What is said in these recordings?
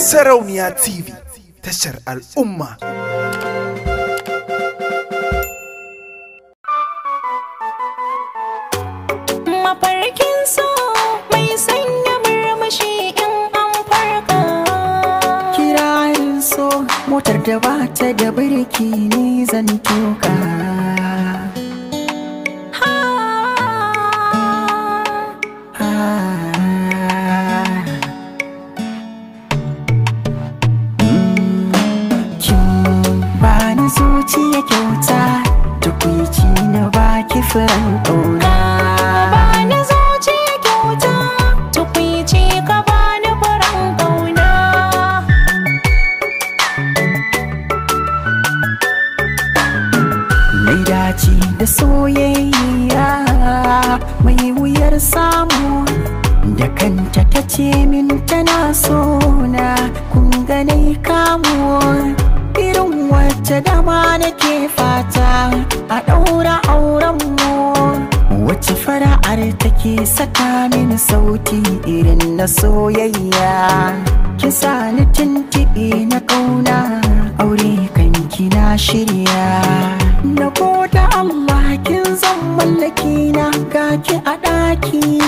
Sarauniya TV tashar al'umma. Mafarkin so mai sanya murmushi in an farka. Kirarin so motar da bata da birki ne zan tuka. furen ƙauna dace da soyayya mai wuyar samu da kanta ta ce min tana so na kun ganai kamuwa Wace dama nake fata a ɗaura auren mu? Wace fara'ar take saka mini sauti irin na soyayya kisa ni tuntuɓe na ƙauna aure ki na shirya na goda Allah kin zan mallaki na gaki a ɗaki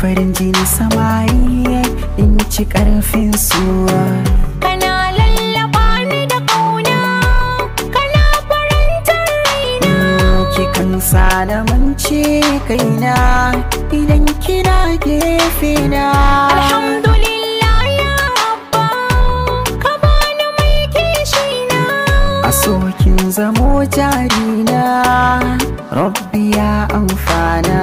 farin jini samayi in ci karfin suwa salamance kaina idan kina gefe na alhamdulillah ya rabba ka bani mai kishi na sokin zamo jari na rabbi ya amfana